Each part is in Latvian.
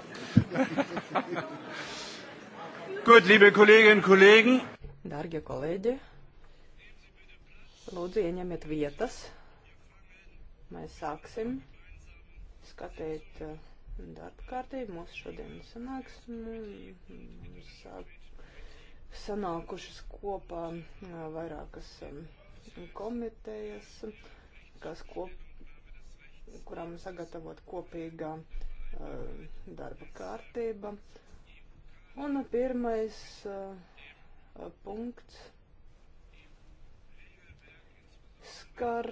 Gut, liebe Kolleginnen und Kollegen. Dargie kolēģi, lūdzu ieņemiet vietas. Mēs sāksim skatīt uh, darba kārtību mūsu šodienas sanāksmu. Mums sāk, sanākušas kopā uh, vairākas um, komitejas, kas kop, kurām sagatavot kopīgā uh, Eh, darba kārtība. Un pirmais eh, punkts skar,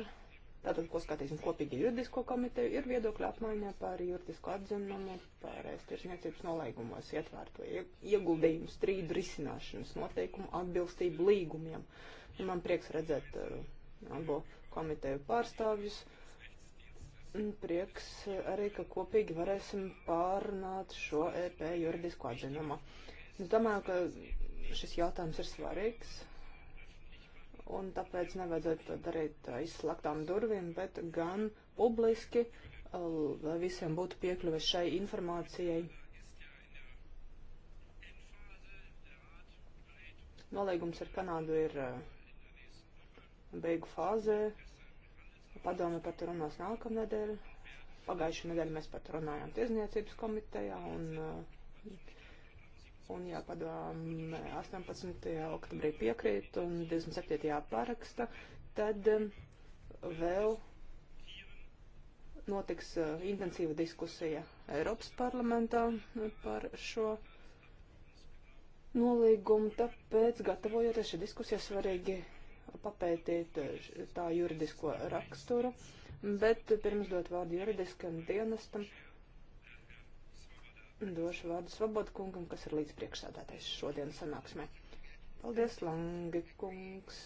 tātad, ko skatīsim kopīgi juridisko komiteju, ir viedokļa apmaiņa par juridisko atzinumu, par aiztiešniecības nolaigumos ietvērto ieguldījumu strīdu risināšanas noteikumu atbilstību līgumiem. Un nu, man prieks redzēt uh, abu komiteju pārstāvjus. Uh, Prieks arī, ka kopīgi varēsim pārunāt šo EP juridisko atzinumu. Es domāju, ka šis jautājums ir svarīgs, un tāpēc nevajadzētu to darīt izslaktām durvīm, bet gan publiski, lai visiem būtu piekļuve šai informācijai. Nolīgums ar Kanādu ir beigu fāzē, Padome par to runās nākamnedēļ. Pagājušajā nedēļā mēs par to runājām tiesniecības komitejā. Un, uh, un jā, padome 18. oktobrī piekrīt un 27. paraksta. Tad um, vēl notiks uh, intensīva diskusija Eiropas parlamentā par šo nolīgumu, tāpēc gatavojoties šai diskusijai svarīgi papētīt eh, tā juridisko raksturu, bet pirms dot vārdu juridiskam dienestam, došu vārdu Svobodkungam, kas ir līdzpriekšsādātais šodien sanāksmē. Paldies, Langi kungs!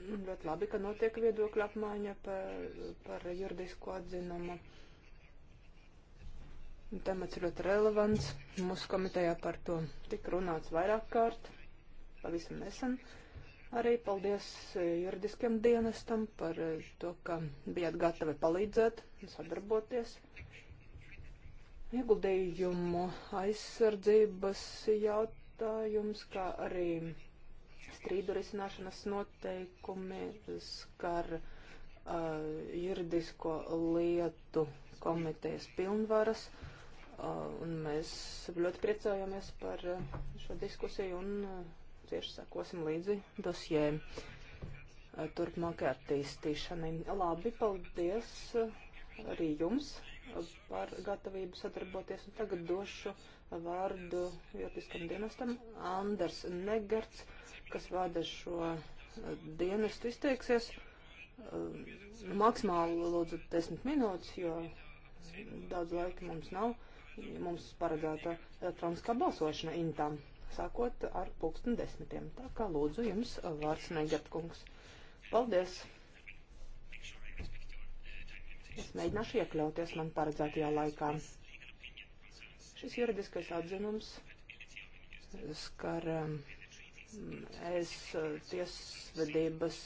Ļoti labi, ka notiek viedokļa apmaiņa par, par juridisko atzinumu Temats ļoti relevants. Mūsu komitejā par to tika runāts vairāk kārt, pavisam nesen. Arī paldies eh, juridiskiem dienestam par eh, to, ka bijāt gatavi palīdzēt un sadarboties. Ieguldījumu aizsardzības jautājums, kā arī strīdu risināšanas noteikumi skar uh, juridisko lietu komitejas pilnvaras. Uh, Uh, un mēs ļoti priecājamies par uh, šo diskusiju un uh, cieši sakosim līdzi dosjē turpmākai attīstīšanai. Labi, paldies arī jums par gatavību sadarboties. Un tagad došu vārdu juridiskam dienestam Anders Negards, kas vada šo dienestu izteiksies. Maksimāli lūdzu desmit minūtes, jo daudz laika mums nav mums paredzēta elektroniskā eh, balsošana intām, sākot ar pulksten desmitiem. Tā kā lūdzu jums eh, vārds Neģertkungs. Paldies! Es mēģināšu iekļauties man paredzētajā laikā. Šis juridiskais atzinums skar um, es tiesvedības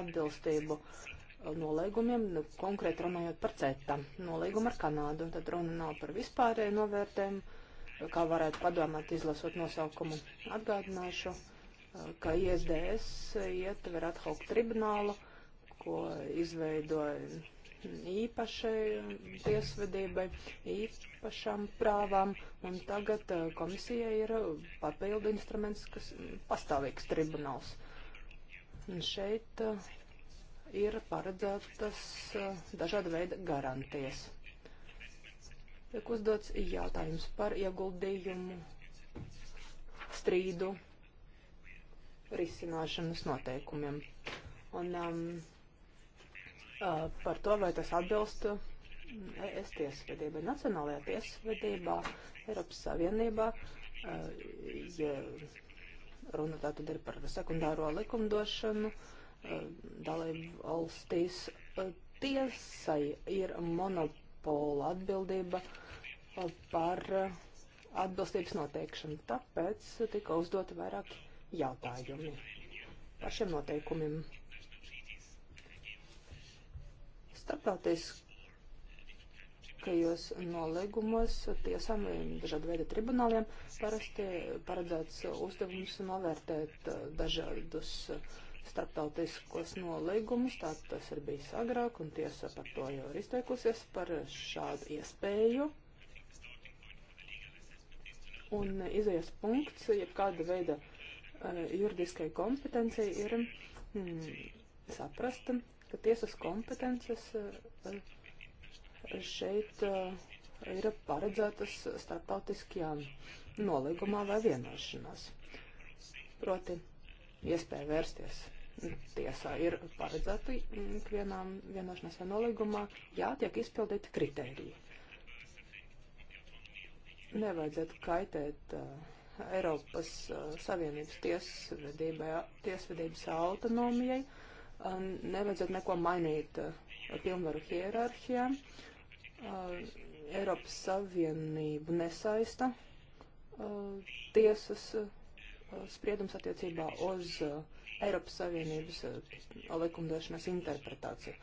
atbilstību uh, nolīgumiem, nu, konkrēti runājot par CETA nolīgumu ar Kanādu. Tad runa nav par vispārēju novērtējumu, kā varētu padomāt, izlasot nosaukumu. Atgādināšu, uh, ka ISDS ietver ad hoc tribunālu, ko izveidoja īpašai tiesvedībai, īpašām prāvām, un tagad uh, komisijai ir papildu instruments, kas pastāvīgs tribunāls. Un šeit uh, ir paredzētas eh, dažāda veida garantijas. Tiek uzdots jautājums par ieguldījumu, strīdu, risināšanas noteikumiem. Un um, eh, par to, vai tas atbilst mm, ES tiesvedībai, Nacionālajā tiesvedībā, Eiropas Savienībā, uh, ja runa tātad ir par sekundāro likumdošanu. Uh, dalību valstīs. Tiesai ir monopola atbildība par atbilstības noteikšanu, tāpēc tika uzdoti vairāki jautājumi par šiem noteikumiem. Starptautiskajos nolīgumos tiesām vai dažādu veidu tribunāliem parasti paredzēts uzdevums novērtēt eh, dažādus uh, starptautiskos nolīgumus, tā tas ir bijis agrāk, un tiesa par to jau ir izteikusies par šādu iespēju. Un izējas punkts, ja kāda veida eh, juridiskai kompetencija ir mm, saprast, ka tiesas kompetences eh, šeit eh, ir paredzētas starptautiskajā nolīgumā vai vienošanās. Proti, iespēja vērsties tiesā ir paredzēta ikvienām vienošanās vai nolīgumā, jā, tiek izpildīti kritēriji. Nevajadzētu kaitēt uh, Eiropas uh, Savienības tiesvedībai, tiesvedības autonomijai, uh, nevajadzētu neko mainīt uh, pilnvaru hierarhijā. Uh, Eiropas Savienību nesaista uh, tiesas uh, spriedums attiecībā uz uh, Eiropas Savienības eh, likumdošanas interpretāciju.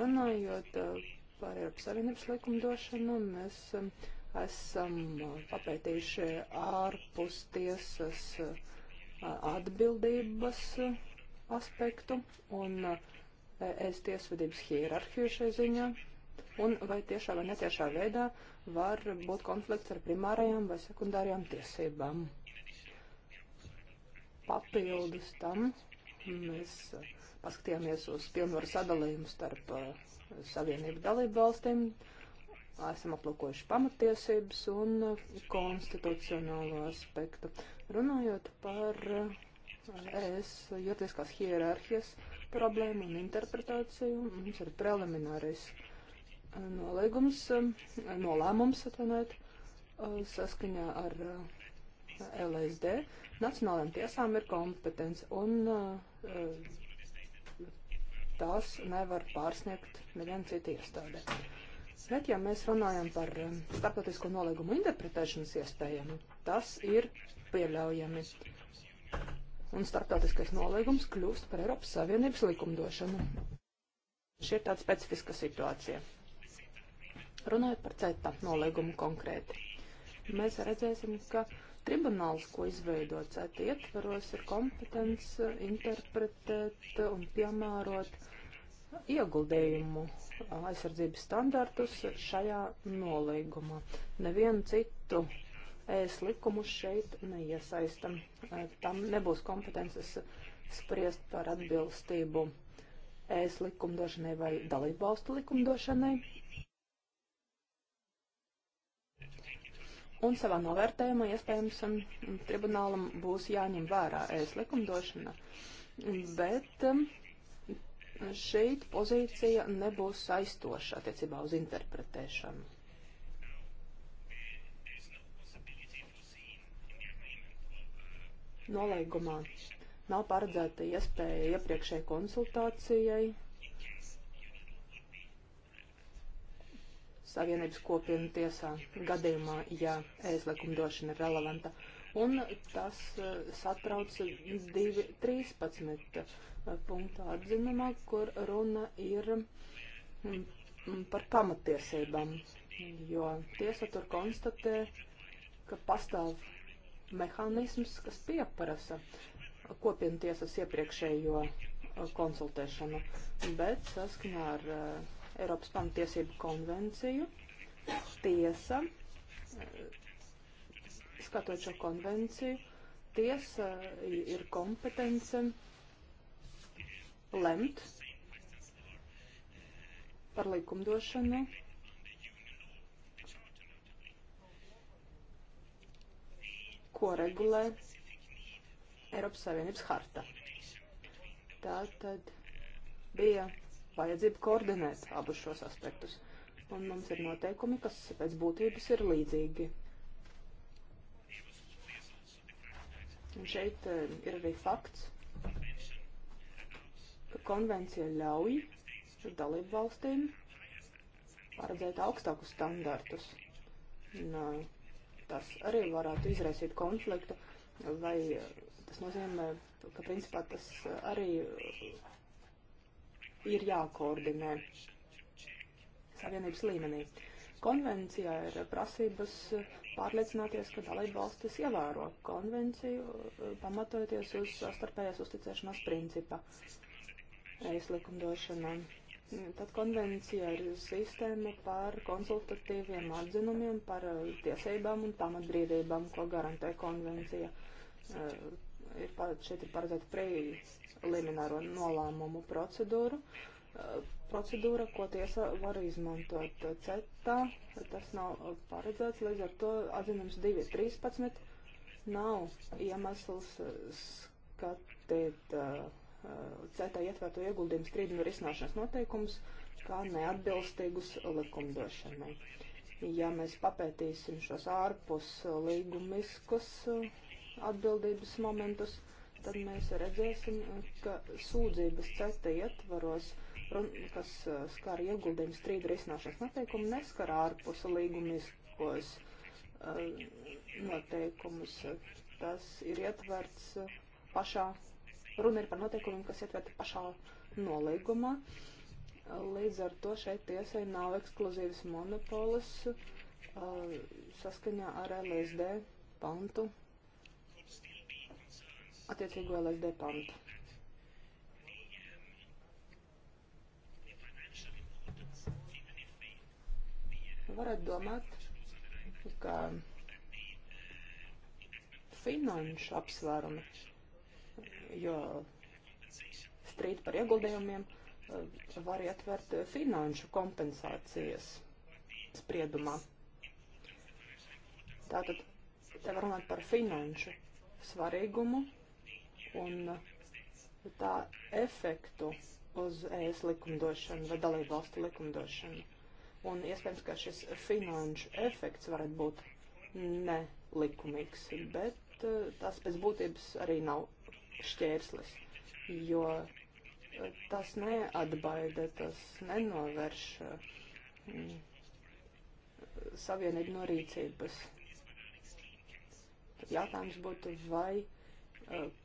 Runājot eh, par Eiropas Savienības likumdošanu, mēs eh, esam papētījuši ārpus tiesas atbildības aspektu un es tiesvedības hierarhiju šai ziņā un vai tiešā vai netiešā veidā var būt konflikts ar primārajām vai sekundārajām tiesībām. Papildus tam Mēs eh, paskatījāmies uz pilnvaru sadalījumu starp eh, Savienību dalību valstīm, esam aplūkojuši pamatiesības un eh, konstitucionālo aspektu. Runājot par ES juridiskās hierarhijas problēmu un interpretāciju, mums ir preliminārijas nolīgums, nolēmums, atvainojiet, saskaņā ar LSD. Nacionālajām tiesām ir kompetence, un Eh, tās nevar pārsniegt neviena cita iestāde. Bet, ja mēs runājam par eh, starptautisko nolīgumu interpretēšanas iespējām, tas ir pieļaujami. Un starptautiskais nolīgums kļūst par Eiropas Savienības likumdošanu. Šī ir tāda specifiska situācija. Runājot par CETA nolīgumu konkrēti, mēs redzēsim, ka uh, tribunāls, ko izveidots ETA ietvaros, ir kompetence interpretēt un piemērot ieguldījumu aizsardzības standartus šajā nolīgumā. Nevienu citu ēs likumu šeit neiesaistam. Tam nebūs kompetences spriest par atbilstību ēs likumdošanai vai dalībvalstu likumdošanai. Un savā novērtējumā iespējams um, tribunālam būs jāņem vērā ēst likumdošana. Bet um, šeit pozīcija nebūs saistoša attiecībā uz interpretēšanu. Nolīgumā nav paredzēta iespēja iepriekšēji konsultācijai Savienības kopienu tiesā gadījumā, ja ēzlikumdošana ir relevanta. Un tas e, satrauc 2.13 e, punktā atzinumā, kur runa ir par pamatiesībām, jo tiesa tur konstatē, ka pastāv mehānisms, kas pieprasa kopienu tiesas iepriekšējo e, konsultēšanu, bet saskaņā ar uh, Eiropas pamatiesību konvenciju. Tiesa, eh, skatot šo konvenciju, tiesa eh, ir kompetence lemt par likumdošanu ko regulē Eiropas Savienības harta. Tā tad bija vajadzību koordinēt abus šos aspektus. Un mums ir noteikumi, kas pēc būtības ir līdzīgi. Un šeit eh, ir arī fakts, ka konvencija ļauj dalību valstīm paredzēt augstākus standartus. Un, eh, tas arī varētu izraisīt konfliktu, vai eh, tas nozīmē, ka principā tas arī ir jākoordinē savienības līmenī. Konvencijā ir prasības pārliecināties, ka dalība valstis ievēro konvenciju, pamatojoties uz starpējās uzticēšanās principa es likumdošanā. Tad konvencija ir sistēma par konsultatīviem atzinumiem, par uh, tiesībām un pamatbrīvībām, ko garantē konvencija. Uh, ir, šeit ir paredzēta prieeja limināro nolēmumu procedūru. Eh, procedūra, ko tiesa var izmantot CETA, tas nav paredzēts, līdz ar to atzinums 2.13 nav iemesls skatīt eh, CETA ietverto ieguldījumu strīdumu risināšanas noteikumus kā neatbilstīgus likumdošanai. Ja mēs papētīsim šos ārpus līgumiskus eh, atbildības momentus, tad mēs redzēsim, ka sūdzības cesta ietvaros, kas uh, skar ieguldījumu strīdu risināšanas noteikumu, neskar ārpus līgumiskos uh, noteikumus. Tas ir ietverts uh, pašā, runa ir par noteikumiem, kas ietverti pašā nolīgumā. Līdz ar to šeit tiesai nav ekskluzīvas monopolis saskaņā ar LSD pantu attiecīgo LSD pantu. Varat domāt, ka finanšu apsvērumi, jo strīd par ieguldījumiem var ietvērt finanšu kompensācijas spriedumā. Tātad te var runāt par finanšu svarīgumu un tā efektu uz ES likumdošanu vai dalību valstu likumdošanu. Un iespējams, ka šis finanšu efekts varētu būt nelikumīgs, bet eh, tas pēc būtības arī nav šķērslis, jo eh, tas neatbaida, tas nenovērš eh, savienību no rīcības. Tad jautājums būtu, vai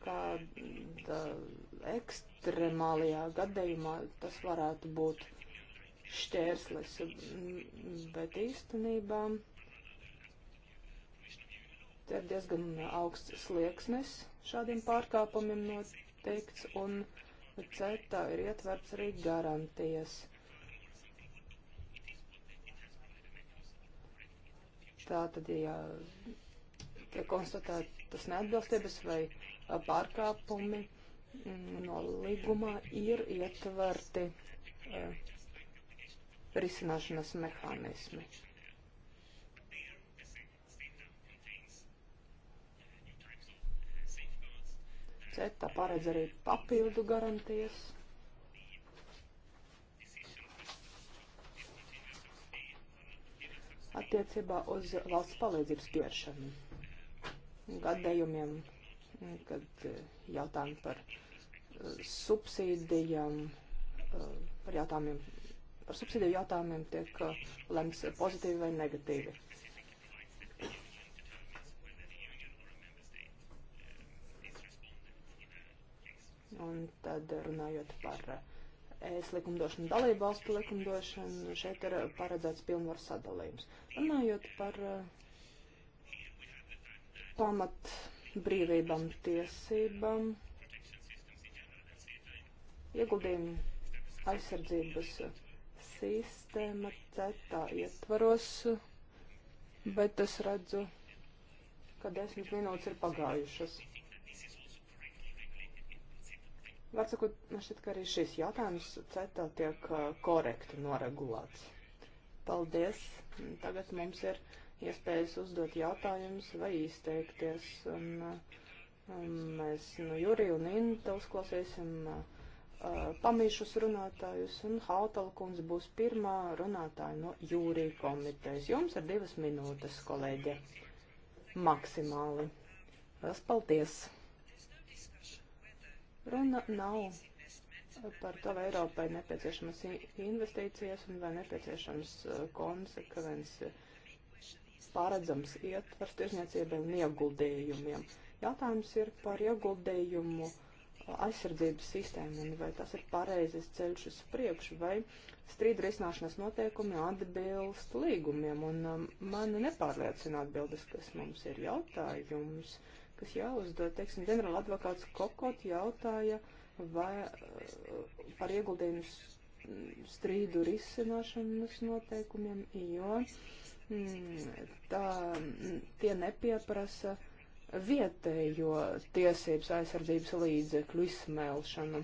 kāda ekstremālajā gadījumā tas varētu būt šķērslis, bet īstenībā te ir diezgan augsts slieksnis šādiem pārkāpumiem noteikts, un CETA ir ietverts arī garantijas. Tātad, ja tiek konstatētas neatbilstības vai pārkāpumi no līgumā ir ietverti e, risināšanas mehānismi. CETA paredz arī papildu garantijas. attiecībā uz valsts palīdzības piešanu gadējumiem kad eh, jautājumi par eh, subsīdijām, eh, par jautājumiem, par subsīdiju jautājumiem tiek lems pozitīvi vai negatīvi. Un tad runājot par ES likumdošanu, dalību valstu likumdošanu, šeit ir paredzēts pilnvaru sadalījums. Runājot par pamat brīvībām, tiesībām, ieguldījumu aizsardzības sistēma cetā ietvaros, bet es redzu, ka desmit minūtes ir pagājušas. Vārdsakot, man šķiet, ka arī šis jautājums cetā tiek uh, korekti noregulēts. Paldies! Tagad mums ir iespējas uzdot jautājumus vai izteikties. Un, un uh, um, mēs nu, Juri un Inta uzklausīsim uh, pamīšus uh, runātājus, un Hautalkungs būs pirmā runātāja no Jūrī komitejas. Jums ir divas minūtes, kolēģi, maksimāli. Vēl paldies! Runa nav par to, vai Eiropai nepieciešamas investīcijas un vai nepieciešams uh, konsekvences pāredzams ietvars tirzniecībai un ieguldījumiem. Jautājums ir par ieguldījumu uh, aizsardzības sistēmu un vai tas ir pareizes ceļš uz priekšu, vai strīda risināšanas noteikumi atbilst līgumiem. Un um, man nepārliecina atbildes, kas mums ir jautājums, kas jāuzdod, teiksim, ģenerāla advokāts Kokot jautāja vai, uh, par ieguldījumus strīdu risināšanas noteikumiem, jo Mm, tā, mm, tie nepieprasa vietējo tiesības aizsardzības līdzekļu izsmelšanu.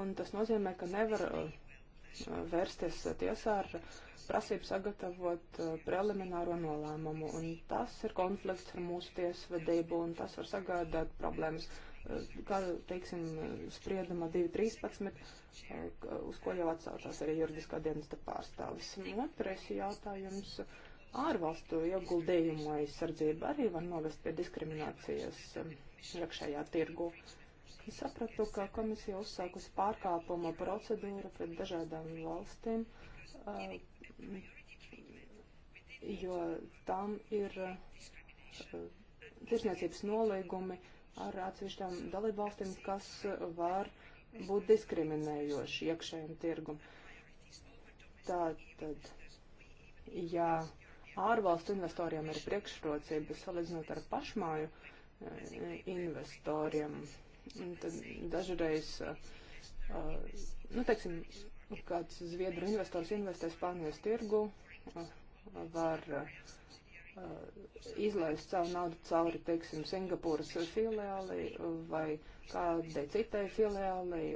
Un tas nozīmē, ka nevar uh, vērsties tiesā ar prasību sagatavot uh, prelimināro nolēmumu. Un tas ir konflikts ar mūsu tiesvedību, un tas var sagādāt problēmas kā, teiksim, sprieduma 2.13, eh, uz ko jau atsaucās arī juridiskā dienesta pārstāvis. Otrais jautājums - ārvalstu ieguldījumu aizsardzība arī var novest pie diskriminācijas eh, iekšējā tirgu. Es sapratu, ka komisija uzsākusi pārkāpuma procedūru pret dažādām valstīm, eh, jo tam ir tirsniecības nolīgumi, uh, ar atsevišķām dalībvalstīm, kas var būt diskriminējoši iekšējiem tirgum. Tātad, ja ārvalstu investoriem ir priekšrocības salīdzinot ar pašmāju eh, investoriem, tad dažreiz, eh, nu, teiksim, kāds zviedru investors investē Spānijas tirgu, eh, var uh, Uh, izlaist savu naudu cauri, teiksim, Singapūras filiālei vai kādai citai filiālei,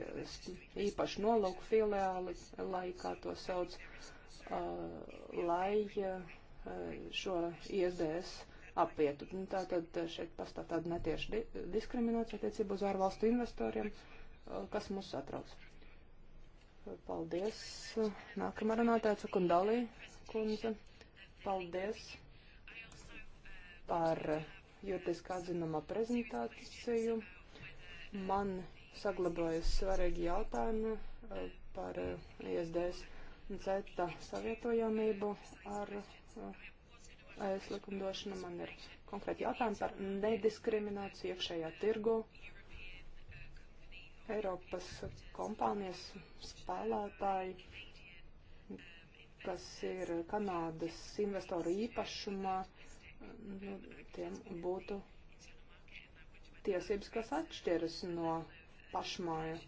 īpaši nolūku filiāli, lai kā to sauc, uh, lai uh, šo ISDS apietu. Nu, Tātad šeit pastāv tāda netieša diskriminācija attiecībā uz ārvalstu investoriem, kas mūs satrauc. Paldies. Nākamā runātāja Cukundalī kundze. Paldies par juridiskā atzinuma prezentāciju. Man saglabājas svarīgi jautājumi eh, par eh, ISDS un CETA savietojamību ar ES eh, likumdošanu. Man ir konkrēti jautājumi par nediskrimināciju iekšējā tirgu. Eiropas kompānijas spēlētāji, kas ir Kanādas investoru īpašumā, uh, nu, tiem būtu tiesības, kas atšķiras no pašmāju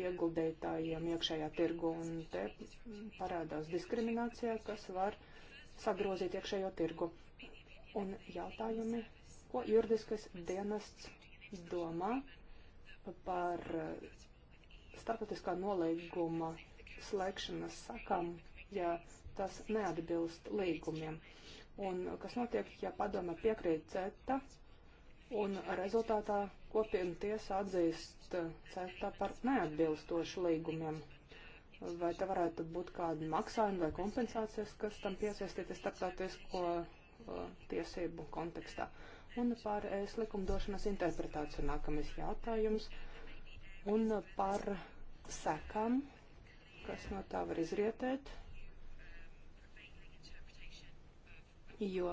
ieguldītājiem iekšējā tirgu, un te parādās diskriminācija, kas var sagrozīt iekšējo tirgu. Un jautājumi, ko juridiskais dienests domā par eh, starptautiskā nolaiguma slēgšanas sakām, ja tas neatbilst līgumiem. Uh, Un uh, kas notiek, ja padome piekrīt CETA un rezultātā kopiena tiesa atzīst uh, CETA par neatbilstošu līgumiem? Vai te varētu būt kādi maksājumi vai kompensācijas, kas tam piesaistītas starptautisko uh, tiesību kontekstā? Un par ES likumdošanas interpretāciju nākamais jautājums. Un par sekam, kas no tā var izrietēt jo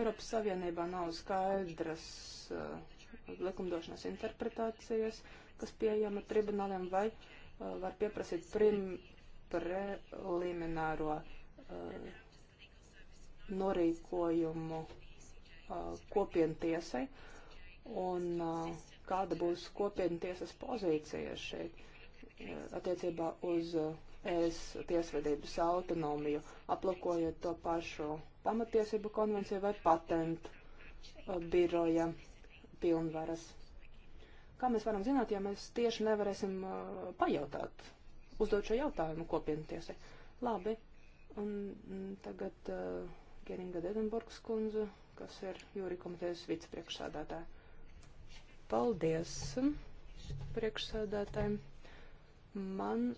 Eiropas Savienībā nav skaidras uh, likumdošanas interpretācijas, kas pieejama tribunāliem vai uh, var pieprasīt prim, preliminēro uh, eh, norīkojumu uh, kopientiesai un uh, kāda būs kopientiesas pozīcija šeit uh, attiecībā uz uh, ES tiesvedības autonomiju, aplakojot to pašu pamatiesību konvencija vai patentu uh, biroja pilnvaras. Kā mēs varam zināt, ja mēs tieši nevarēsim uh, pajautāt, uzdot šo jautājumu kopienu tiesai? Labi, un mm, tagad uh, Geringa Dedenborgs kundze, kas ir jūri komitejas vicepriekšsādātāja. Paldies priekšsādātājiem. Man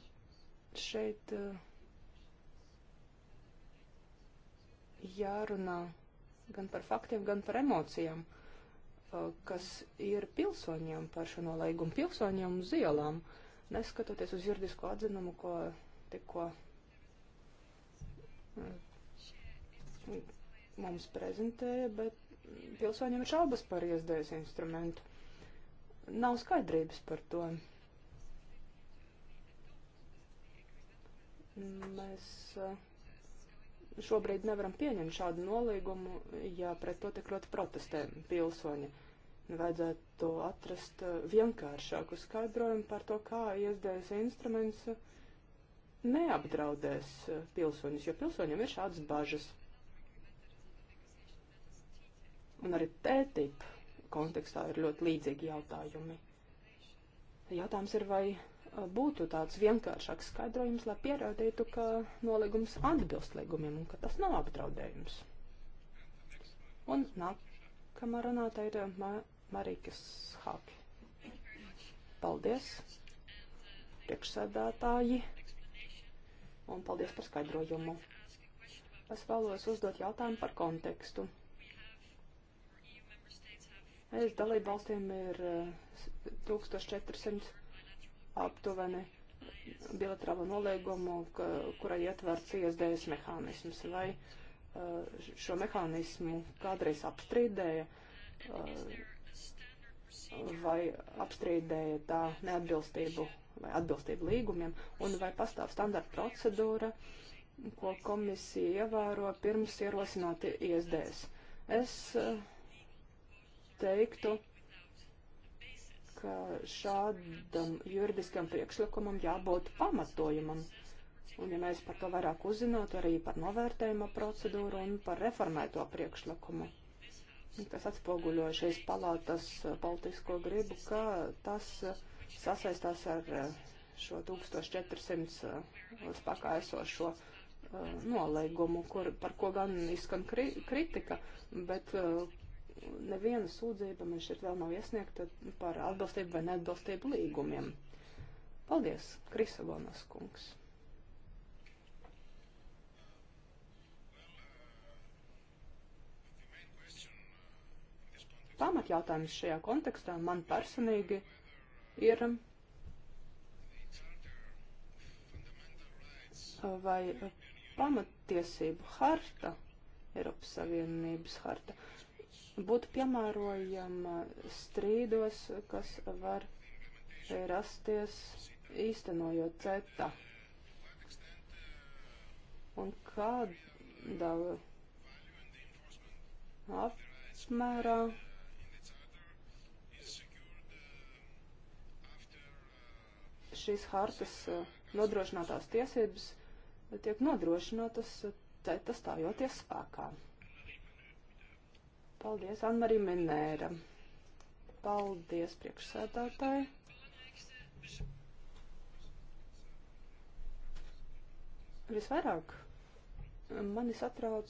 šeit. Uh, jārunā gan par faktiem, gan par emocijām, kas ir pilsoņiem par šo nolīgumu, pilsoņiem uz ielām, neskatoties uz juridisko atzinumu, ko tikko mums prezentēja, bet pilsoņiem ir šaubas par iesdējas instrumentu. Nav skaidrības par to. Mēs uh, šobrīd nevaram pieņemt šādu nolīgumu, ja pret to tik ļoti protestē pilsoņi. Nu, vajadzētu atrast uh, vienkāršāku skaidrojumu par to, kā iesdējas instruments uh, neapdraudēs uh, pilsoņus, jo pilsoņiem ir šādas bažas. Un arī TTIP kontekstā ir ļoti līdzīgi jautājumi. Jautājums ir, vai būtu tāds vienkāršāks skaidrojums, lai pierādītu, ka nolīgums atbilst līgumiem un ka tas nav apdraudējums. Un nākamā runāta ir uh, Ma Marīkas Haki. Paldies, priekšsēdētāji, un paldies par skaidrojumu. Es vēlos uzdot jautājumu par kontekstu. Es dalību valstīm ir 1400 uh, aptuveni bilaterālo nolīgumu, kurā ietverts iesdējas mehānisms. Vai eh, šo mehānismu kādreiz apstrīdēja, eh, vai apstrīdēja tā neatbilstību vai atbilstību līgumiem, un vai pastāv standarta procedūra, ko komisija ievēro pirms ierosināti iesdējas. Es eh, teiktu, ka šādam juridiskam priekšlikumam jābūt pamatojumam. Un, ja mēs par to vairāk uzzinātu, arī par novērtējuma procedūru un par reformēto priekšlikumu. Tas atspoguļo šīs palātas eh, politisko gribu, ka tas eh, sasaistās ar eh, šo 1400 spēkā esošo nolīgumu, kur, par ko gan izskan kri kritika, bet neviena sūdzība man šeit vēl nav iesniegta par atbilstību vai neatbilstību līgumiem. Paldies, Krisabonas kungs. Pamat jautājums šajā kontekstā man personīgi ir, vai pamattiesību harta, Eiropas Savienības harta, uh, būtu piemērojama strīdos, kas var rasties īstenojot CETA. Un kādā apmērā šīs hartas eh, nodrošinātās tiesības tiek nodrošinātas eh, CETA stājoties spēkā. Paldies, Anmarī Minēra. Paldies, priekšsēdētāji. Visvairāk mani satrauc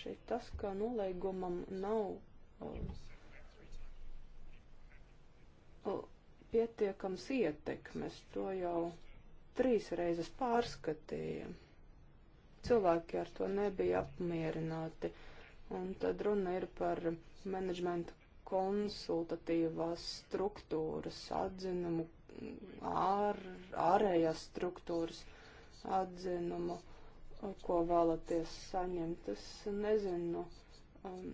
šeit tas, ka nolaigumam nav uh, pietiekams ietekmes. To jau trīs reizes pārskatīja. Cilvēki ar to nebija apmierināti. Uh, Un tad runa ir par menedžmenta konsultatīvās struktūras atzinumu, ār, ārējās struktūras atzinumu, ko vēlaties saņemt. Es nezinu, um,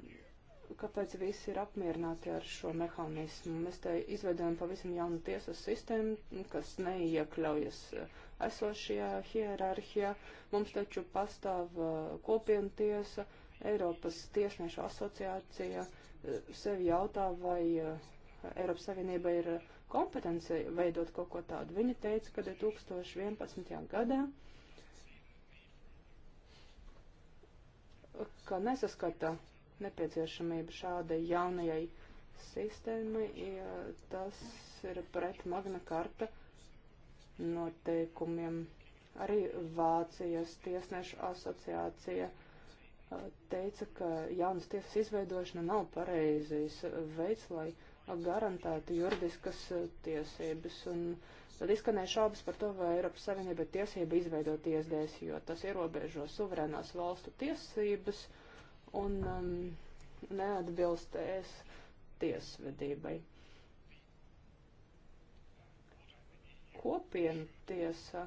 kāpēc visi ir apmierināti ar šo mehānismu. Mēs te izveidojam pavisam jaunu tiesas sistēmu, kas neiekļaujas uh, esošajā hierarhijā. Mums taču pastāv uh, kopienu tiesa. Uh, Eiropas tiešniešu asociācija eh, sevi jautā, vai eh, Eiropas Savienība ir eh, kompetence veidot kaut ko tādu. Viņa teica, ka 2011. gadā, ka nesaskata nepieciešamību šādai jaunajai sistēmai, ja tas ir pret Magna Karta noteikumiem. Arī Vācijas tiesnešu asociācija uh, teica, ka jaunas tiesas izveidošana nav pareizais veids, lai garantētu juridiskas eh, tiesības. Un tad izskanēja šaubas par to, vai Eiropas Savienība ir tiesība izveidot iesdēs, jo tas ierobežo suverēnās valstu tiesības un um, neatbilst ES tiesvedībai. Kopiena tiesa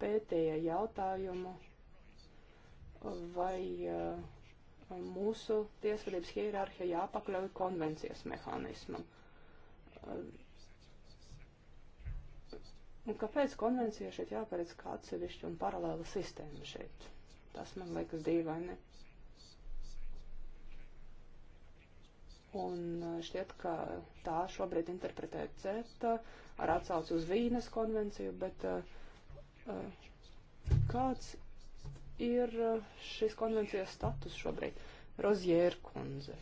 pētīja jautājumu vai vai eh, mūsu tiesvedības hierarhija jāpakļauj konvencijas mehānismam. Un kāpēc konvencija šeit jāparedz kā atsevišķa un paralēla sistēma šeit? Tas man liekas dīvaini. Un eh, šķiet, ka tā šobrīd interpretē CETA ar atsauci uz Vīnes konvenciju, bet uh, kāds ir eh, šīs konvencijas status šobrīd? Rozjēra kundze.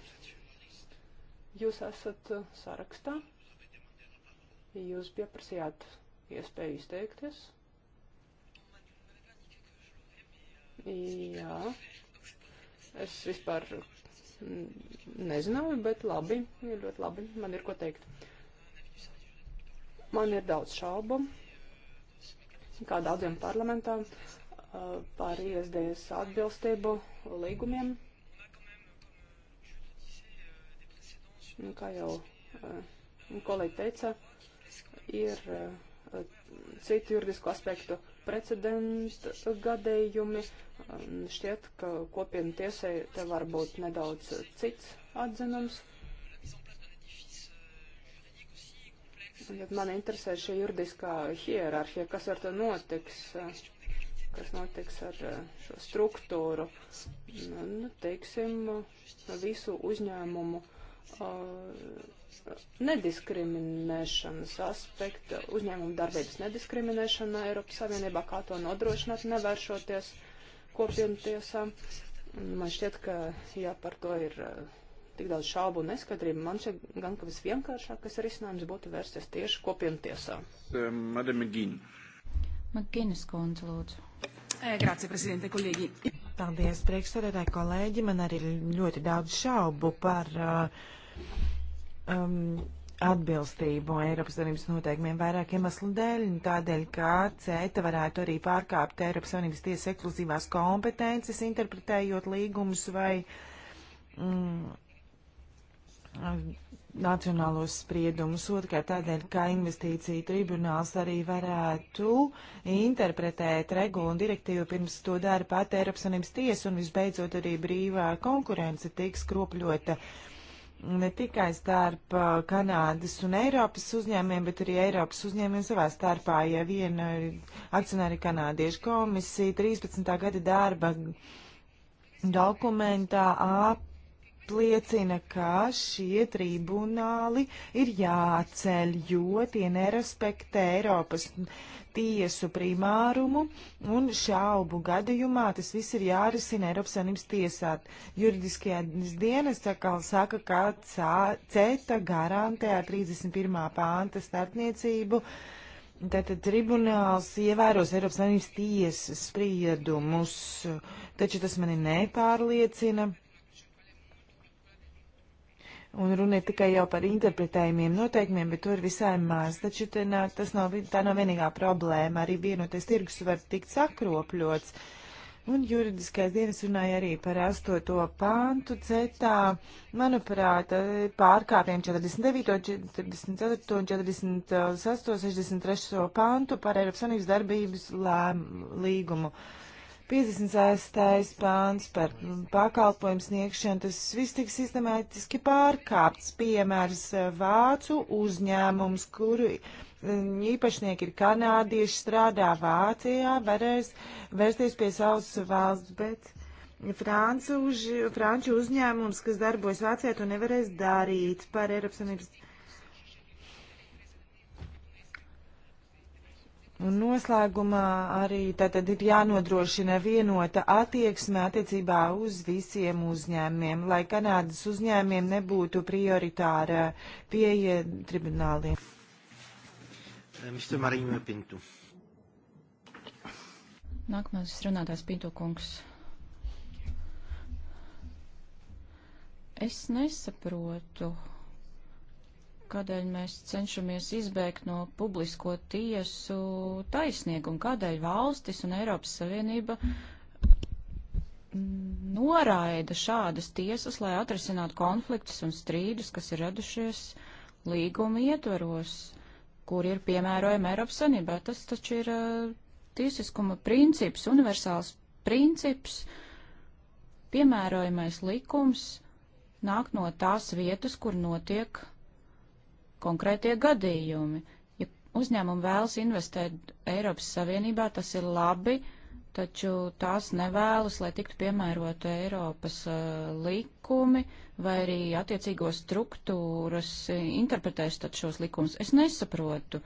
Jūs esat eh, sarakstā. Jūs pieprasījāt iespēju izteikties. Jā. Es vispār mm, nezināju, bet labi, ir ļoti labi. Man ir ko teikt. Man ir daudz šaubu, kā daudziem parlamentām. Uh, par ISDS atbilstību līgumiem. Nu, kā jau eh, kolēģi teica, ir eh, citu juridisku aspektu precedentu gadījumi. Šķiet, ka kopienu tiesai te var būt nedaudz cits atzinums. Ja man interesē šī juridiskā hierarhija, kas ar to notiks, eh, kas notiks ar eh, šo struktūru, nu, nu teiksim, eh, visu uzņēmumu uh, nediskriminēšanas aspekta, uzņēmumu darbības nediskriminēšana Eiropas Savienībā, kā to nodrošināt, nevēršoties kopienu tiesā. Man šķiet, ka, ja par to ir tik daudz šaubu un neskatrību, man šķiet gan, ka visvienkāršākais risinājums būtu vērsties tieši kopienu tiesā. Madame Gīna. Maginis kundze, lūdzu. Eh, Grācija, prezidente, kolēģi. Paldies, priekšsēdētāji, kolēģi. Man arī ļoti daudz šaubu par uh, um, atbilstību Eiropas Savienības noteikumiem vairāk iemeslu dēļ, un tādēļ, ka CETA varētu arī pārkāpt Eiropas Savienības tiesas ekskluzīvās kompetences, interpretējot līgumus vai mm, nacionālos spriedumus, otrkārt tādēļ, ka investīcija tribunāls arī varētu interpretēt regulu un direktīvu pirms to dara pati Eiropas Savienības tiesa, un visbeidzot arī brīvā konkurence tiks kropļota ne tikai starp uh, Kanādas un Eiropas uzņēmiem, bet arī Eiropas uzņēmiem savā starpā, ja viena uh, akcionāri kanādiešu komisija 13. gada darba dokumentā ap apliecina, ka šie tribunāli ir jāceļ, jo tie nerespektē Eiropas tiesu primārumu un šaubu gadījumā tas viss ir jārisina Eiropas Savienības tiesā. Juridiskajā dienas atkal saka, ka CETA garantē ar 31. pānta starpniecību. Tātad tribunāls ievēros Eiropas Savienības tiesas spriedumus, taču tas mani nepārliecina. Un runa ir tikai jau par interpretējumiem noteikumiem, bet to ir visai maz. Taču nav, tas nav, tā nav vienīgā problēma. Arī vienoties tirgus var tikt sakropļots. Un juridiskais dienas runāja arī par 8. pāntu cetā. Manuprāt, eh, pārkāpjam 49, 44 un 48, 63 pāntu par Eiropas Sanības darbības lēm, līgumu. Uh, 56. pāns par pakalpojumu sniegšanu, tas viss tik sistemētiski pārkāpts. Piemērs eh, Vācu uzņēmums, kuru mm, īpašnieki ir kanādieši, strādā Vācijā, varēs vērsties pie savas valsts, bet. Franču uzņēmums, kas darbojas Vācijā, to nevarēs darīt par Eiropas Savienības Un noslēgumā arī tātad ir jānodrošina vienota attieksme attiecībā uz visiem uzņēmiem, lai Kanādas uzņēmiem nebūtu prioritāra pieeja tribunāliem. Eh, Mr. Marīna Pintu. Nākamais runātājs Pintu kungs. Es nesaprotu Kādēļ mēs cenšamies izbēgt no publisko tiesu taisnīgumu? Kādēļ valstis un Eiropas Savienība noraida šādas tiesas, lai atrisinātu konfliktus un strīdus, kas ir radušies līguma ietvaros, kur ir piemērojama Eiropas Savienībā? Tas taču ir uh, tiesiskuma princips, universāls princips, piemērojamais likums nāk no tās vietas, kur notiek konkrētie gadījumi. Ja uzņēmumi vēlas investēt Eiropas Savienībā, tas ir labi, taču tās nevēlas, lai tiktu piemērota Eiropas uh, likumi vai arī attiecīgo struktūras eh, interpretēs tad šos likumus. Es nesaprotu,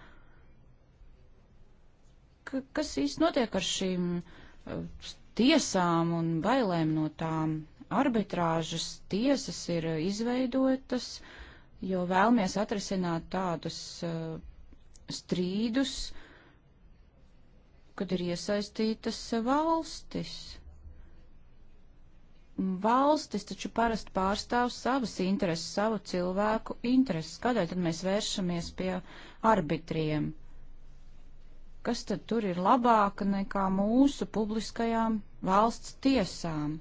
ka, kas īsti notiek ar šīm uh, tiesām un bailēm no tām. Arbitrāžas tiesas ir izveidotas, uh, jo vēlamies atrisināt tādus uh, strīdus, kad ir iesaistītas eh, valstis. Valstis taču parasti pārstāv savas intereses, savu cilvēku intereses. Kādēļ tad mēs vēršamies pie arbitriem? Kas tad tur ir labāka nekā mūsu publiskajām valsts tiesām?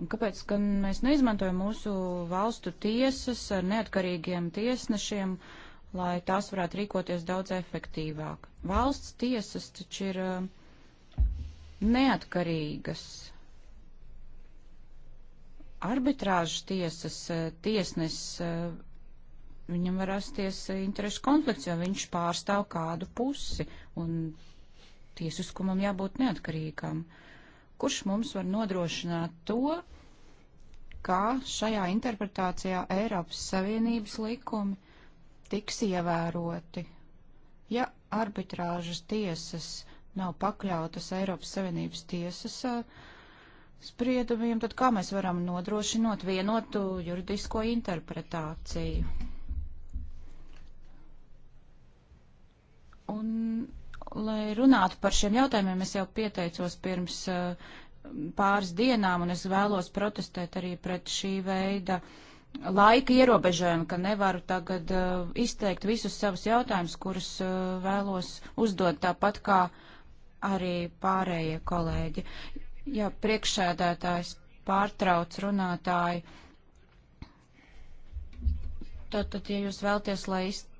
Un kāpēc gan mēs neizmantojam mūsu valstu tiesas ar neatkarīgiem tiesnešiem, lai tās varētu rīkoties daudz efektīvāk? Valsts tiesas taču ir uh, neatkarīgas. Arbitrāžas tiesas uh, tiesnes, uh, viņam var rasties interešu konflikts, jo viņš pārstāv kādu pusi, un tiesiskumam jābūt neatkarīgam. Uh, kurš mums var nodrošināt to, kā šajā interpretācijā Eiropas Savienības likumi tiks ievēroti. Ja arbitrāžas tiesas nav pakļautas Eiropas Savienības tiesas spriedumiem, tad kā mēs varam nodrošinot vienotu juridisko interpretāciju? Un Lai runātu par šiem jautājumiem, es jau pieteicos pirms eh, pāris dienām, un es vēlos protestēt arī pret šī veida laika ierobežojumu, ka nevaru tagad eh, izteikt visus savus jautājumus, kurus eh, vēlos uzdot tāpat kā arī pārējie kolēģi. Jā, priekšsēdētājs pārtrauc runātāju. Tātad, ja jūs vēlties, lai izteikt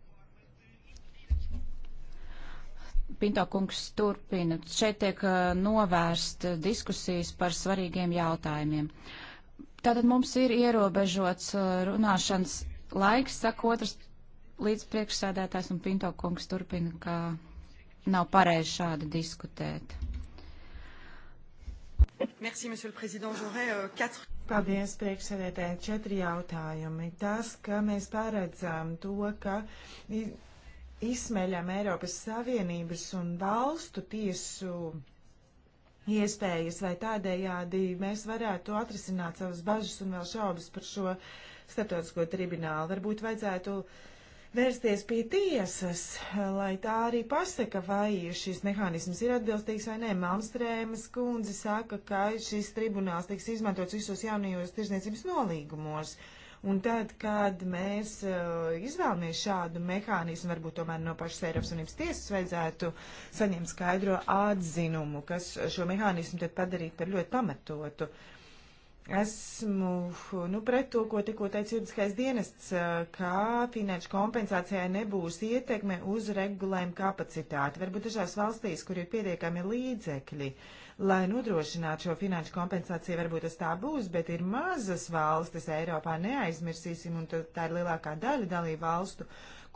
Pinto kungs turpina. Šeit tiek uh, novērst diskusijas par svarīgiem jautājumiem. Tātad mums ir ierobežots uh, runāšanas laiks, saka otrs līdz priekšsēdētājs, un Pinto kungs turpina, ka nav pareizi šādi diskutēt. Merci, monsieur le président. J'aurais euh, quatre. Paldies, priekšsēdētāji. Četri jautājumi. Tas, ka mēs paredzam to, ka izsmeļam Eiropas Savienības un valstu tiesu iespējas, vai tādējādi mēs varētu atrisināt savas bažas un vēl šaubas par šo starptautisko tribunālu. Varbūt vajadzētu vērsties pie tiesas, lai tā arī pasaka, vai šis mehānisms ir atbilstīgs vai nē. Malmstrēmas kundze saka, ka šis tribunāls tiks izmantots visos jaunajos tirzniecības nolīgumos. Uh, Un tad, kad mēs uh, izvēlamies šādu mehānismu, varbūt tomēr no pašas Eiropas Unības tiesas vajadzētu saņemt skaidro atzinumu, kas šo mehānismu tad padarīt par ļoti pamatotu. Esmu nu, pret to, ko tikko teica juridiskais dienests, eh, ka finanšu kompensācijai nebūs ietekme uz regulējumu kapacitāti. Varbūt dažās valstīs, kur ir pietiekami līdzekļi, uh, lai nodrošinātu šo finanšu kompensāciju. Varbūt tas tā būs, bet ir mazas valstis Eiropā, neaizmirsīsim, un tā ir lielākā daļa dalību valstu,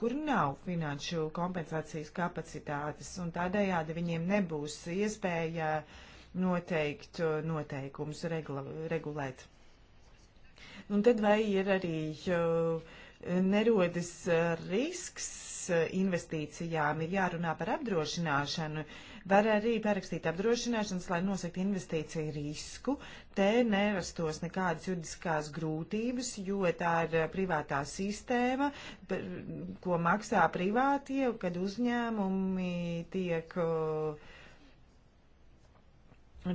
kur nav finanšu kompensācijas kapacitātes, un tādējādi viņiem nebūs iespēja noteikt noteikumus regla, regulēt. Un tad vai ir arī uh, nerodas eh, risks eh, investīcijām, ir jārunā par apdrošināšanu. Var arī parakstīt apdrošināšanas, lai nosakt investīciju risku. Te nerastos nekādas juridiskās grūtības, jo tā ir eh, privātā sistēma, par, ko maksā privātie, kad uzņēmumi tiek.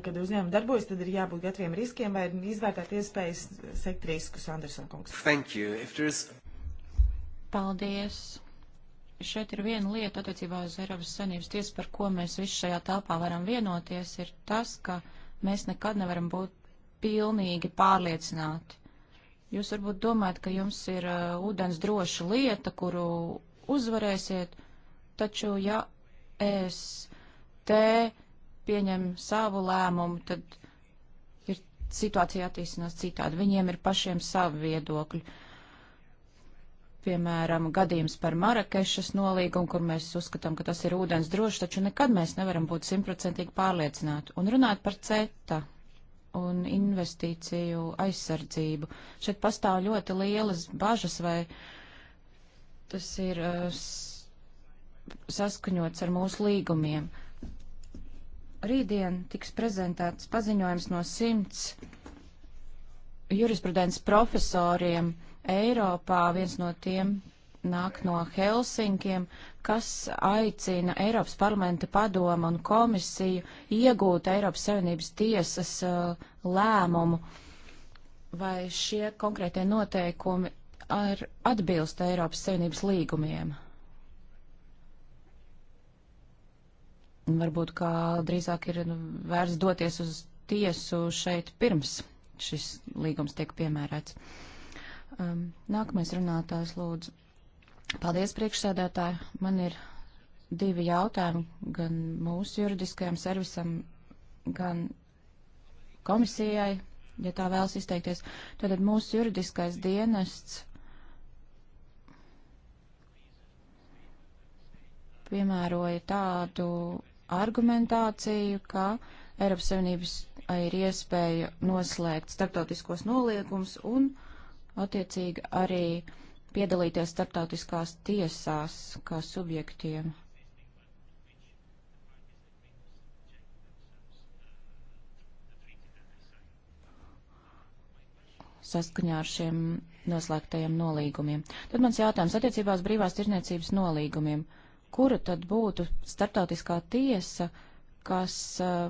Kad uzņēmumi darbojas, tad ir jābūt gataviem riskiem vai izvērtēt iespējas sekt riskus, Anderson kungs. Thank you. If there's... Paldies! Šeit ir viena lieta attiecībā uz Eiropas Savienības tiesu, par ko mēs visi šajā telpā varam vienoties, ir tas, ka mēs nekad nevaram būt pilnīgi pārliecināti. Jūs varbūt domājat, ka jums ir uh, ūdens droša lieta, kuru uzvarēsiet, taču ja es te pieņem savu lēmumu, tad ir situācija attīstinās citādi. Viņiem ir pašiem savi viedokļi. Uh, piemēram, gadījums par Marakešas nolīgumu, kur mēs uzskatām, ka tas ir ūdens drošs, taču nekad mēs nevaram būt simtprocentīgi pārliecināti. Un runāt par CETA un investīciju aizsardzību. Šeit pastāv ļoti lielas bažas, vai tas ir uh, saskaņots ar mūsu līgumiem. Rītdien tiks prezentēts paziņojums no simts jurisprudences profesoriem Eiropā, viens no tiem nāk no Helsinkiem, kas aicina Eiropas parlamenta padomu un komisiju iegūt Eiropas Savienības tiesas uh, lēmumu, vai šie konkrētie noteikumi ar atbilst Eiropas Savienības līgumiem. Un varbūt kā drīzāk ir vērts doties uz tiesu šeit pirms šis līgums tiek piemērots. Um, nākamais runātājs lūdzu. Paldies, priekšsēdētāji. Man ir divi jautājumi gan mūsu juridiskajam servisam, gan komisijai, ja tā vēlas izteikties. Tātad mūsu juridiskais dienests, piemēroja tādu argumentāciju, ka Eiropas Savienības ir iespēja noslēgt starptautiskos noliegumus un, attiecīgi, arī piedalīties starptautiskās tiesās kā subjektiem. saskaņā ar šiem noslēgtajiem nolīgumiem. Tad mans jautājums attiecībās brīvās tirzniecības nolīgumiem. Kura tad būtu starptautiskā tiesa, kas uh,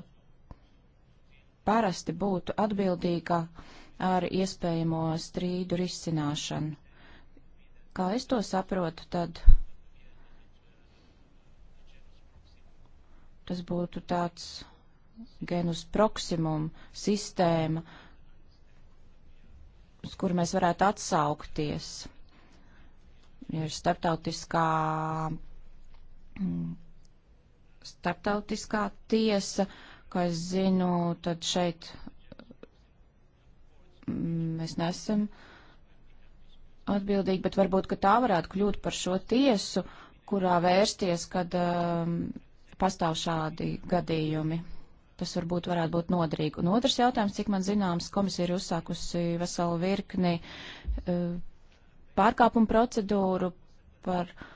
parasti būtu atbildīga ar iespējamo strīdu risināšanu. Kā es to saprotu, tad tas būtu tāds genus proximum sistēma, uz kuru mēs varētu atsaukties. Ir starptautiskā, mm, starptautiskā tiesa, uh, Kā es zinu, tad šeit mm, mēs nesam atbildīgi, bet varbūt, ka tā varētu kļūt par šo tiesu, kurā vērsties, kad um, pastāv šādi gadījumi. Tas varbūt varētu būt nodrīgi. Un otrs jautājums, cik man zināms, komisija ir uzsākusi veselu virkni uh, pārkāpumu procedūru par uh,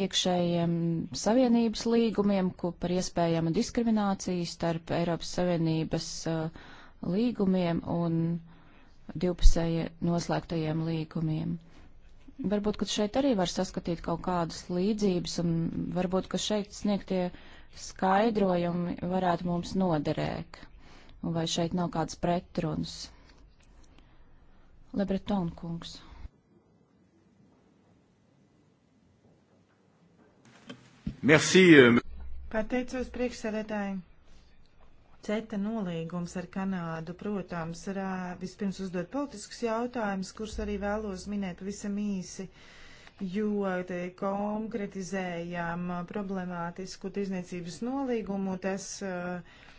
iekšējiem savienības līgumiem, ko par iespējamu diskrimināciju starp Eiropas Savienības uh, līgumiem un divpusēji noslēgtajiem līgumiem. Varbūt, ka šeit arī var saskatīt kaut kādas līdzības, un varbūt, ka šeit sniegtie skaidrojumi varētu mums noderēt, vai šeit nav kādas pretrunas. Lebreton kungs. Merci. Euh, Pateicos priekšsēdētājiem. CETA nolīgums ar Kanādu, protams, ir vispirms uzdot politiskus jautājumus, kurus arī vēlos minēt pavisam īsi, jo te konkretizējām uh, problemātisku tirzniecības nolīgumu. Tas uh,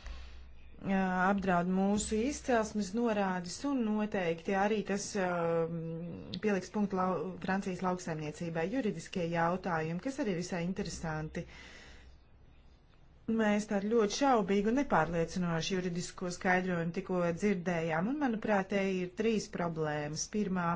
apdraud mūsu izcelsmes norādes un noteikti arī tas uh, pieliks punktu lau, Francijas lauksaimniecībai juridiskie jautājumi, kas arī visai interesanti. Mēs tādu ļoti šaubīgu un nepārliecinošu juridisko skaidrojumu tikko dzirdējām, un manuprāt, te ir trīs problēmas. Pirmā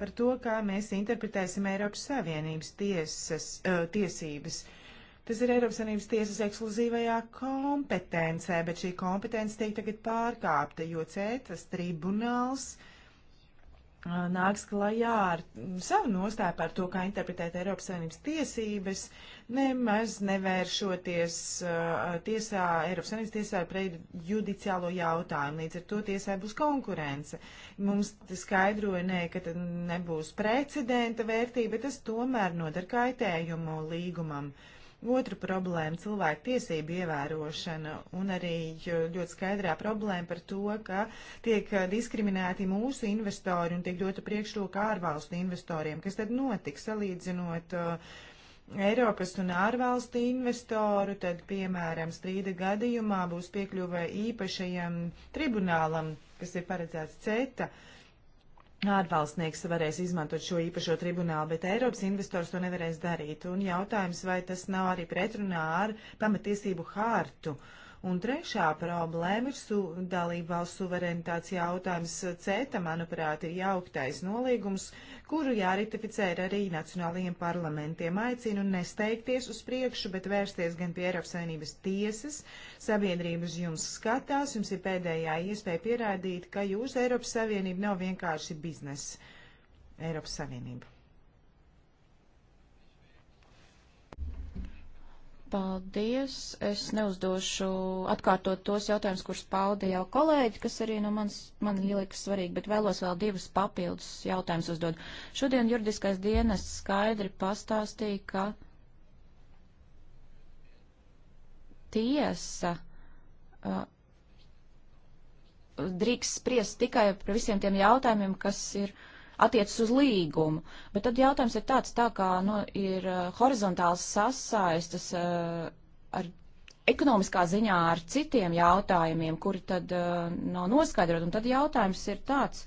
par to, kā mēs interpretēsim Eiropas Savienības tiesas, uh, tiesības. Uh, Tas ir Eiropas Savienības tiesas ekskluzīvajā kompetencē, bet šī kompetence tiek tagad pārkāpta, jo CETAS tribunāls nāks klajā ar savu nostāju par to, kā interpretēt Eiropas Savienības tiesības, nemaz nevēršoties uh, tiesā, Eiropas Savienības tiesā pret judiciālo jautājumu. Līdz ar to tiesai būs konkurence. Mums skaidroja, ne, ka nebūs precedenta vērtība, bet tas tomēr nodar kaitējumu līgumam. Uh, Otra problēma - cilvēku tiesību ievērošana un arī ļoti skaidrā problēma par to, ka tiek uh, diskriminēti mūsu investori un tiek dota priekšroka ārvalstu investoriem. Kas tad notiks salīdzinot uh, Eiropas un ārvalstu investoru, tad, piemēram, strīda gadījumā būs piekļuve īpašajam tribunālam, kas ir paredzēts CETA. Uh, ārvalstnieks varēs izmantot šo īpašo tribunālu, bet Eiropas investors to nevarēs darīt. Un jautājums, vai tas nav arī pretrunā ar pamatiesību hārtu Un trešā problēma ir dalība valsts suverenitātes jautājums. CETA, manuprāt, ir jauktais nolīgums, kuru jāratificē arī nacionālajiem parlamentiem. Aicinu nesteigties uz priekšu, bet vērsties gan pie Eiropas Savienības tiesas. Sabiedrības jums skatās, jums ir pēdējā iespēja pierādīt, ka jūs Eiropas Savienība nav vienkārši biznesa. Eiropas Savienība. Paldies. Es neuzdošu atkārtot tos jautājumus, kurus pauda jau kolēģi, kas arī no manis, man ielikas svarīgi, bet vēlos vēl divus papildus jautājumus uzdot. Šodien juridiskais dienas skaidri pastāstīja, ka tiesa uh, drīkst spriest tikai par visiem tiem jautājumiem, kas ir uh, attiecas uz līgumu. Bet tad jautājums ir tāds, tā kā nu, ir uh, horizontāls sasaistas uh, ar ekonomiskā ziņā ar citiem jautājumiem, kuri tad uh, nav noskaidrot. Un tad jautājums ir tāds,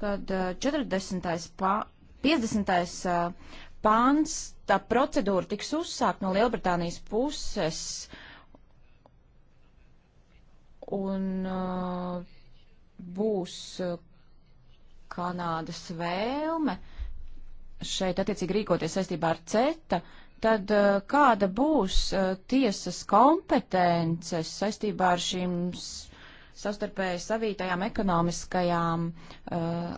kad 40. Pa, 50. pāns, tā procedūra tiks uzsākt no Lielbritānijas puses. Un uh, būs Kanādas vēlme šeit attiecīgi rīkoties saistībā ar CETA, tad eh, kāda būs eh, tiesas kompetences saistībā ar šīm savstarpēji savītajām ekonomiskajām uh,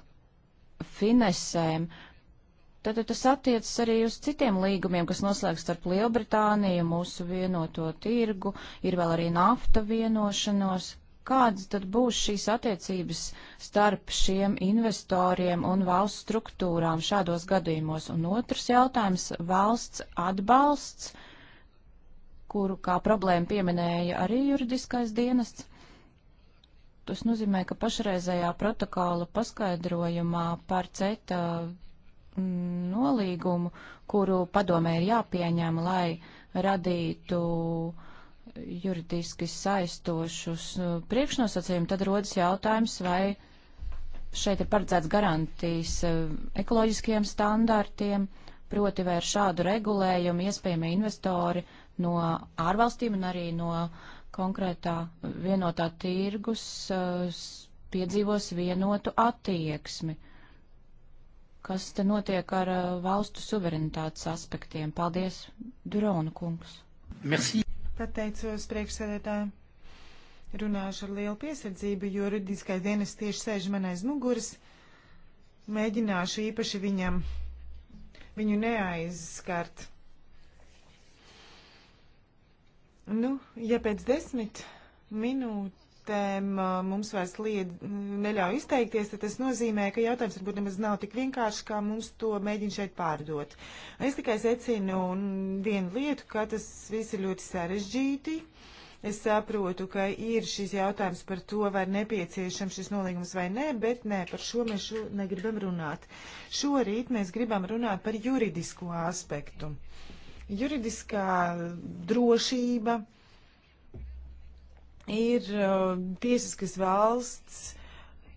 finesēm? Tad tas attiecas arī uz citiem līgumiem, kas noslēgts starp Lielbritāniju, mūsu vienoto tirgu, ir vēl arī nafta vienošanos kādas tad būs šīs attiecības starp šiem investoriem un valsts struktūrām šādos gadījumos? Un otrs jautājums - valsts atbalsts, kuru kā problēmu pieminēja arī juridiskais dienests. Tas nozīmē, ka pašreizējā protokola paskaidrojumā par CETA mm, nolīgumu, kuru padomē ir jāpieņem, lai radītu uh, juridiski saistošus nu, priekšnosacījumus, tad rodas jautājums, vai šeit ir paredzēts garantijas eh, ekoloģiskiem standartiem, proti vai ar šādu regulējumu iespējami investori no ārvalstīm un arī no konkrētā vienotā tirgus eh, piedzīvos vienotu attieksmi. Kas te notiek ar eh, valstu suverenitātes aspektiem? Paldies, Durona kungs. Merci. Pateicos priekšsēdētājiem. Runāšu ar lielu piesardzību, jo juridiskais dienas tieši sēž man aiz muguras. Mēģināšu īpaši viņam viņu neaizskart. Nu, ja pēc desmit minūtēm sistēma uh, mums vairs lied, neļauj izteikties, tad tas nozīmē, ka jautājums varbūt nemaz nav tik vienkārši, kā mums to mēģina šeit pārdot. Es tikai secinu vienu lietu, ka tas viss ir ļoti sarežģīti. Es saprotu, ka ir šis jautājums par to, vai nepieciešams šis nolīgums vai nē, bet nē, par šo mēs šo negribam runāt. Šorīt mēs gribam runāt par juridisko aspektu. Juridiskā drošība ir uh, tiesiskas valsts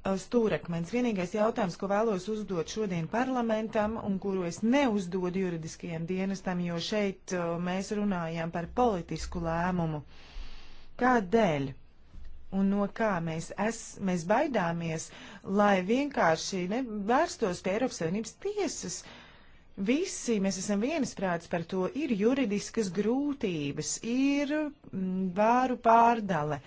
uh, stūrakmens. Vienīgais jautājums, ko vēlos uzdot šodien parlamentam un kuru es neuzdodu juridiskajiem dienestam, jo šeit uh, mēs runājam par politisku lēmumu. Kādēļ? un no kā mēs, es, mēs baidāmies, lai vienkārši ne vērstos pie Eiropas Savienības tiesas. Uh, Visi mēs esam viensprāts par to, ir juridiskas grūtības, ir mm, vāru pārdale.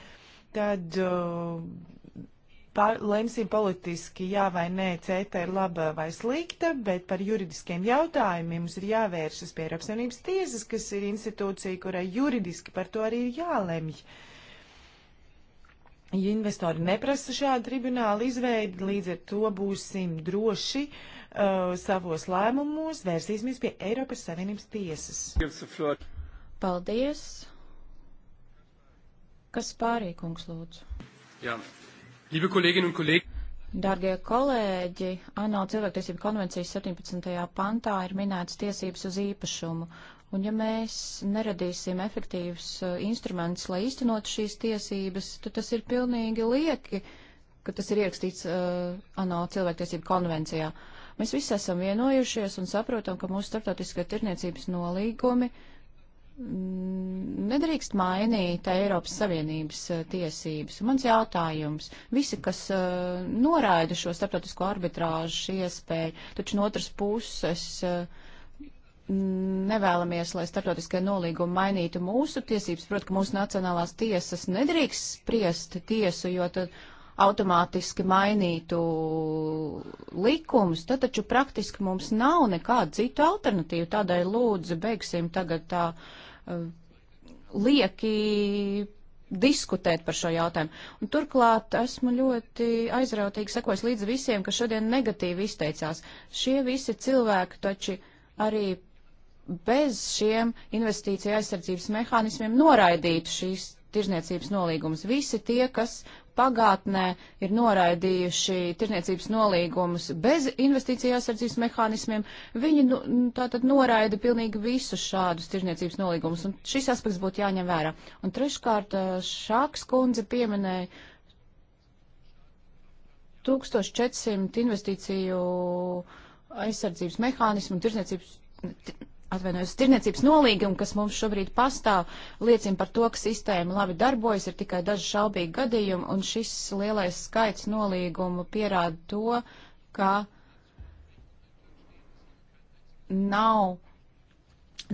Tad uh, pār, lemsim politiski, jā vai nē, CETA ir laba vai slikta, bet par juridiskiem jautājumiem mums ir jāvēršas pie Eiropas Savienības tiesas, kas ir institūcija, kurai juridiski par to arī ir jālemj. Ja investori neprasa šādu tribunālu izveidi, līdz ar to būsim droši. Uh, uh, savos lēmumos vērsīsimies pie Eiropas Savienības tiesas. Paldies! Kas pārīkums lūdzu? Jā. Liebe Kolleginnen un Kollegen! Dārgie kolēģi, ANO cilvēktiesību konvencijas 17. pantā ir minētas tiesības uz īpašumu. Un ja mēs neradīsim efektīvus uh, instrumentus, lai īstenot šīs tiesības, tad tas ir pilnīgi lieki, ka tas ir ierakstīts uh, ANO cilvēktiesību konvencijā. Uh, Mēs visi esam vienojušies un saprotam, ka mūsu starptautiskie tirniecības nolīgumi mm, nedrīkst mainīt Eiropas Savienības eh, tiesības. Mans jautājums, visi, kas uh, noraida šo starptautisko arbitrāžu iespēju, taču no otras puses uh, nevēlamies, lai starptautiskie nolīgumi mainītu mūsu tiesības. Protams, ka mūsu nacionālās tiesas nedrīkst spriest tiesu, jo tad automātiski mainītu likumus, tad taču praktiski mums nav nekādu citu alternatīvu. Tādēļ lūdzu beigsim tagad tā uh, lieki diskutēt par šo jautājumu. Un turklāt esmu ļoti aizrautīgi sekojis līdz visiem, kas šodien negatīvi izteicās. Šie visi cilvēki taču arī bez šiem investīcija aizsardzības mehānismiem noraidītu šīs tirzniecības nolīgumus. Visi tie, kas pagātnē ir noraidījuši tirzniecības nolīgumus bez investīcija aizsardzības mehānismiem, viņi nu, nu tātad noraida pilnīgi visus šādus tirzniecības nolīgumus, un šis aspekts būtu jāņem vērā. Un treškārt, Šāks kundze pieminēja 1400 investīciju aizsardzības mehānismu un tirzniecības atvainojos, tirniecības nolīgumu, kas mums šobrīd pastāv, liecina par to, ka sistēma labi darbojas, ir tikai daži šaubīgi gadījumi, un šis lielais skaits nolīgumu pierāda to, ka nav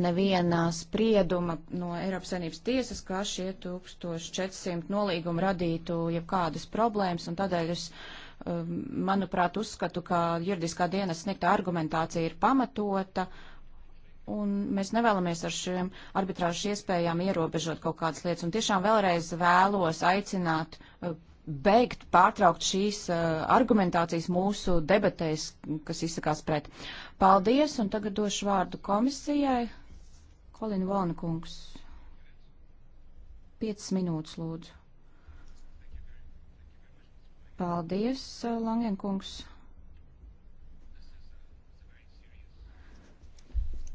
nevienā sprieduma no Eiropas Savienības tiesas, kā šie 1400 nolīgumi radītu jebkādas problēmas, un tādēļ es, um, manuprāt, uzskatu, ka juridiskā dienas sniegta argumentācija ir pamatota. Uh, un mēs nevēlamies ar šiem arbitrāžu iespējām ierobežot kaut kādas lietas. Un tiešām vēlreiz vēlos aicināt eh, beigt, pārtraukt šīs eh, argumentācijas mūsu debatēs, kas izsakās pret. Paldies, un tagad došu vārdu komisijai. Kolina Vona kungs. 5 minūtes lūdzu. Paldies, eh, Langenkungs. kungs.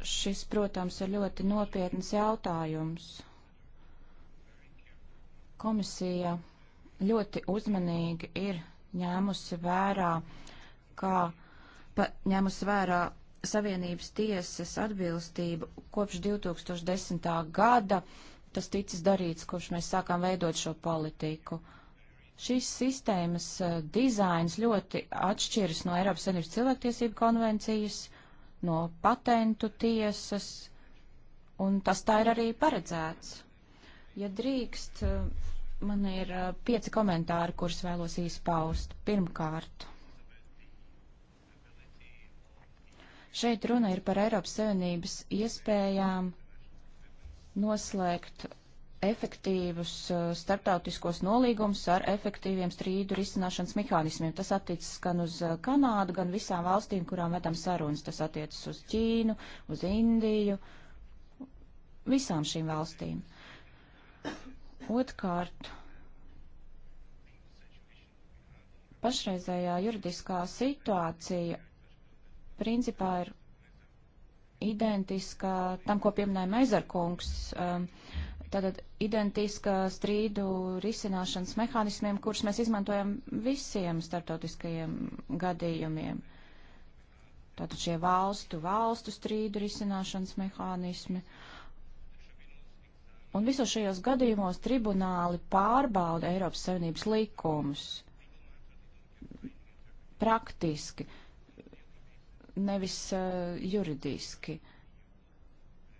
šis, protams, ir ļoti nopietns jautājums. Komisija ļoti uzmanīgi ir ņēmusi vērā, kā pa, ņēmusi vērā Savienības tiesas atbilstību kopš 2010. gada. Tas ticis darīts, kopš mēs sākām veidot šo politiku. Šīs sistēmas eh, dizains ļoti atšķiras no Eiropas Savienības cilvēktiesību konvencijas no patentu tiesas, un tas tā ir arī paredzēts. Ja drīkst, man ir uh, pieci komentāri, kurus vēlos izpaust. Pirmkārt, šeit runa ir par Eiropas Savienības iespējām noslēgt efektīvus uh, starptautiskos nolīgumus ar efektīviem strīdu risināšanas mehānismiem. Tas attiecas gan uz uh, Kanādu, gan visām valstīm, kurām vedam sarunas. Tas attiecas uz Ķīnu, uz Indiju, visām šīm valstīm. Otkārt, pašreizējā juridiskā situācija principā ir identiska tam, ko pieminēja Meizarkungs. Um, uh, tātad identiska strīdu risināšanas mehānismiem, kurus mēs izmantojam visiem starptautiskajiem gadījumiem. Tātad šie valstu, valstu strīdu risināšanas mehānismi. Un visos šajos gadījumos tribunāli pārbauda Eiropas Savienības likumus praktiski, nevis uh, juridiski. Uh,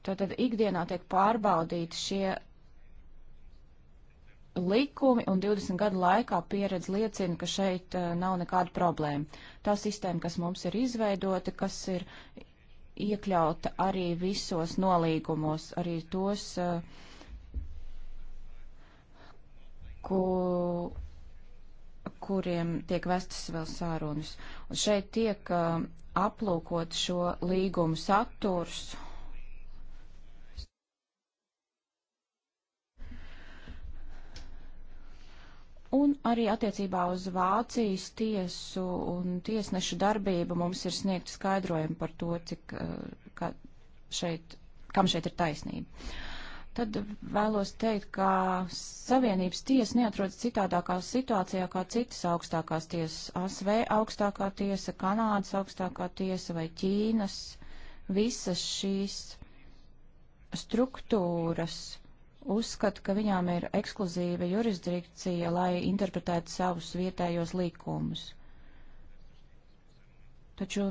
Tātad ikdienā tiek pārbaudīti šie likumi, un 20 gadu laikā pieredze liecina, ka šeit uh, nav nekāda problēma. Tā sistēma, kas mums ir izveidota, kas ir iekļauta arī visos nolīgumos, arī tos, uh, ku, kuriem tiek vestas vēl sārunas. Un šeit tiek uh, aplūkot šo līgumu saturs Un arī attiecībā uz Vācijas tiesu un tiesnešu darbību mums ir sniegta skaidrojuma par to, cik, eh, ka šeit, kam šeit ir taisnība. Tad vēlos teikt, ka Savienības tiesa neatrodas citādākā situācijā kā citas augstākās tiesas. ASV augstākā tiesa, Kanādas augstākā tiesa vai Ķīnas. Visas šīs struktūras uzskata, ka viņām ir ekskluzīva jurisdikcija, lai interpretētu savus vietējos likumus. Taču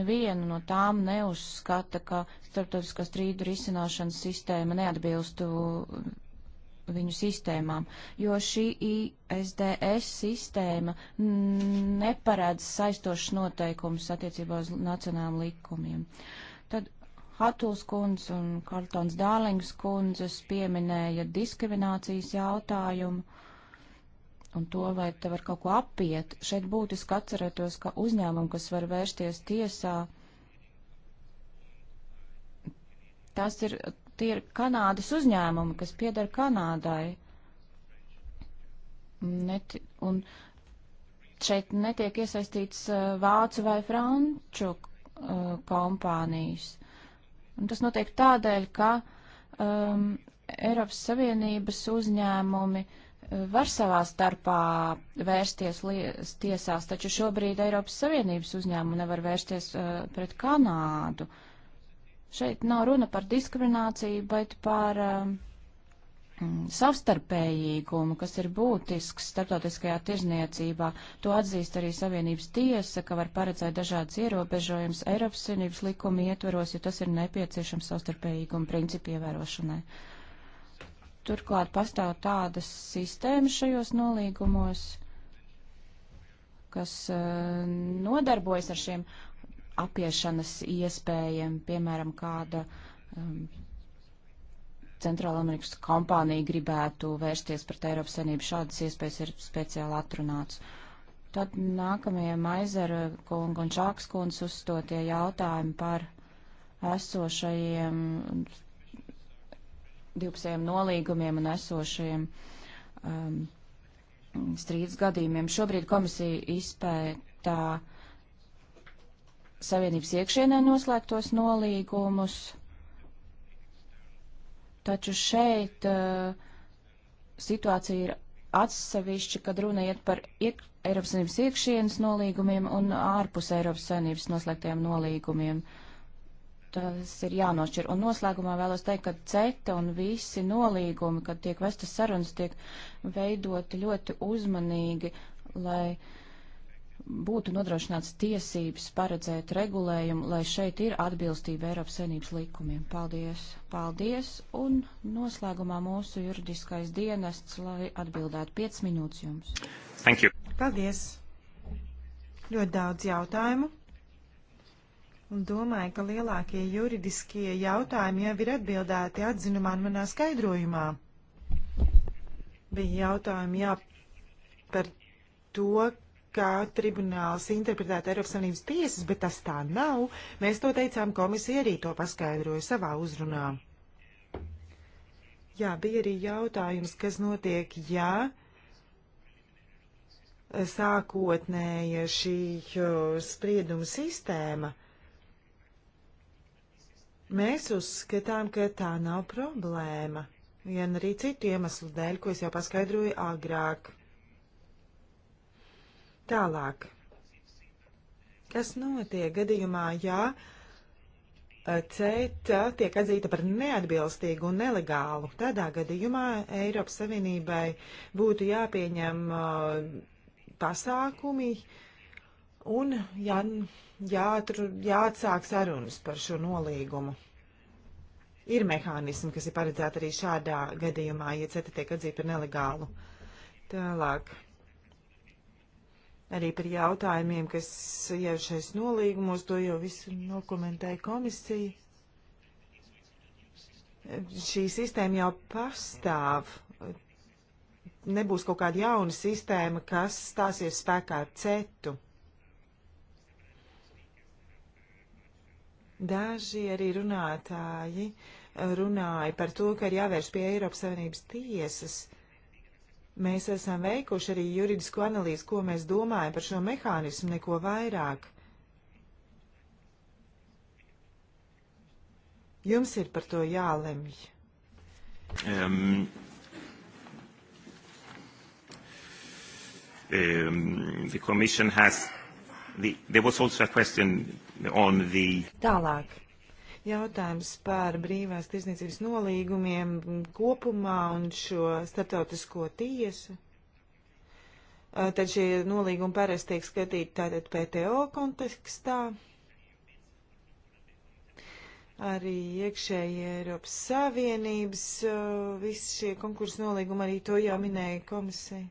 neviena no tām neuzskata, ka starptautiskā strīdu risināšanas sistēma neatbilstu viņu sistēmām, jo šī ISDS sistēma neparēdz saistošas noteikumus attiecībā uz nacionālajiem likumiem. Uh, Hatuls kundz un Kartons Dālings kundzes pieminēja diskriminācijas jautājumu un to, vai te var kaut ko apiet. Šeit būtiski atcerētos, ka uzņēmumi, kas var vērsties tiesā, tas ir, tie ir Kanādas uzņēmumi, kas piedara Kanādai. Net, un šeit netiek iesaistīts uh, vācu vai franču uh, kompānijas. Uh, Un tas notiek tādēļ, ka um, Eiropas Savienības uzņēmumi uh, var savā starpā vērsties tiesās, taču šobrīd Eiropas Savienības uzņēmumi nevar vērsties uh, pret Kanādu. Šeit nav runa par diskrimināciju, bet par uh, Mm, savstarpējīgumu, kas ir būtisks starptautiskajā tirzniecībā. To atzīst arī Savienības tiesa, ka var paredzēt dažādas ierobežojumus Eiropas Savienības likuma ietveros, jo tas ir nepieciešams savstarpējīguma principu ievērošanai. Turklāt pastāv tādas sistēmas šajos nolīgumos, kas uh, nodarbojas ar šiem apiešanas iespējiem, piemēram, kāda um, Centrālamerikas kompānija gribētu vērsties pret Eiropas Savienību, šādas iespējas ir speciāli atrunāts. Tad nākamie Maizera kunga un Čāks kundas uzstotie jautājumi par esošajiem divpusējiem nolīgumiem un esošajiem um, strīdus gadījumiem. Šobrīd komisija izpētā Savienības iekšienē noslēgtos nolīgumus Taču šeit uh, situācija ir atsevišķa, kad runa iet par iek Eiropas Savienības iekšienes nolīgumiem un ārpus Eiropas Savienības noslēgtiem nolīgumiem. Tas ir jānošķir. Un noslēgumā vēlos teikt, ka CETA un visi nolīgumi, kad tiek vestas sarunas, tiek veidoti ļoti uzmanīgi, lai uh, būtu nodrošināts tiesības paredzēt regulējumu, lai šeit ir atbilstība Eiropas saimnības likumiem. Paldies! Paldies! Un noslēgumā mūsu juridiskais dienests, lai atbildētu 5 minūtes jums. Thank you! Paldies! Ļoti daudz jautājumu. Un domāju, ka lielākie juridiskie jautājumi jau ir atbildēti atzinumā un manā skaidrojumā. Bija jautājumi jā, par to, kā tribunāls interpretētu Eiropas Savienības tiesas, bet tas tā nav. Mēs to teicām, komisija arī to paskaidroja savā uzrunā. Jā, bija arī jautājums, kas notiek, ja sākotnēja šī sprieduma sistēma. Mēs uzskatām, ka tā nav problēma, vien arī citu iemeslu dēļ, ko es jau paskaidroju agrāk. Tālāk. Kas notiek gadījumā, ja e, CETA tiek atzīta par neatbilstīgu un nelegālu? Tādā gadījumā Eiropas Savienībai būtu jāpieņem uh, pasākumi un jā, jāatru, jāatsāk sarunas par šo nolīgumu. Ir mehānismi, kas ir paredzēti arī šādā gadījumā, ja CETA tiek atzīta par nelegālu. Tālāk arī par jautājumiem, kas ievšais nolīgumos, to jau visu dokumentēja komisija. Šī sistēma jau pastāv. Nebūs kaut kāda jauna sistēma, kas stāsies spēkā ar cetu. Daži arī runātāji runāja par to, ka ir jāvērš pie Eiropas Savienības tiesas. Uh, Mēs esam veikuši arī juridisku analīzi, ko mēs domājam par šo mehānismu, neko vairāk. Jums ir par to jālemj. Um, um, the commission has the, there was also a question on the Tālāk Jautājums par brīvās tirzniecības nolīgumiem kopumā un šo starptautisko tiesu. Tad šie nolīgumi parasti tiek skatīti tātad PTO kontekstā arī iekšēji Eiropas Savienības, visi šie konkursu nolīgumi, arī to jau minēja komisija.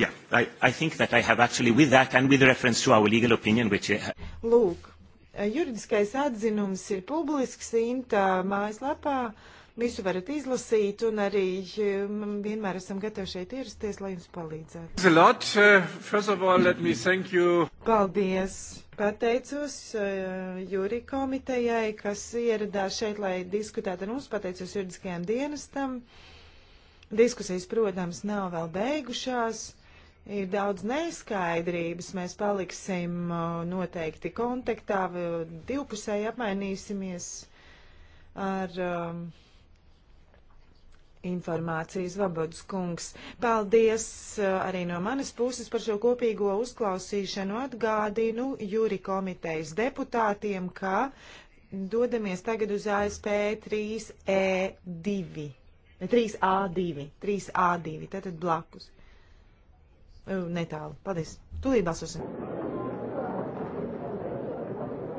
Yeah, I, I think that I have actually with that and with reference to our legal opinion, which... Uh, Lūk, juridiskais atzinums ir publisks Inta mājaslapā. Visu varat izlasīt un arī e, vienmēr esam gatavi šeit ierasties, lai jums palīdzētu. Lot, uh, all, Paldies! Pateicos uh, jūri komitejai, kas ieradās šeit, lai diskutētu ar mums. Pateicos juridiskajam dienestam. Diskusijas, protams, nav vēl beigušās ir daudz neskaidrības. Mēs paliksim noteikti kontaktā, divpusēji apmainīsimies ar um, informācijas vabodas kungs. Paldies arī no manas puses par šo kopīgo uzklausīšanu. Atgādinu jūri komitejas deputātiem, ka dodamies tagad uz ASP 3E2. 3A2, 3A2, tātad blakus netālu. Paldies! Tūlīt balsosim!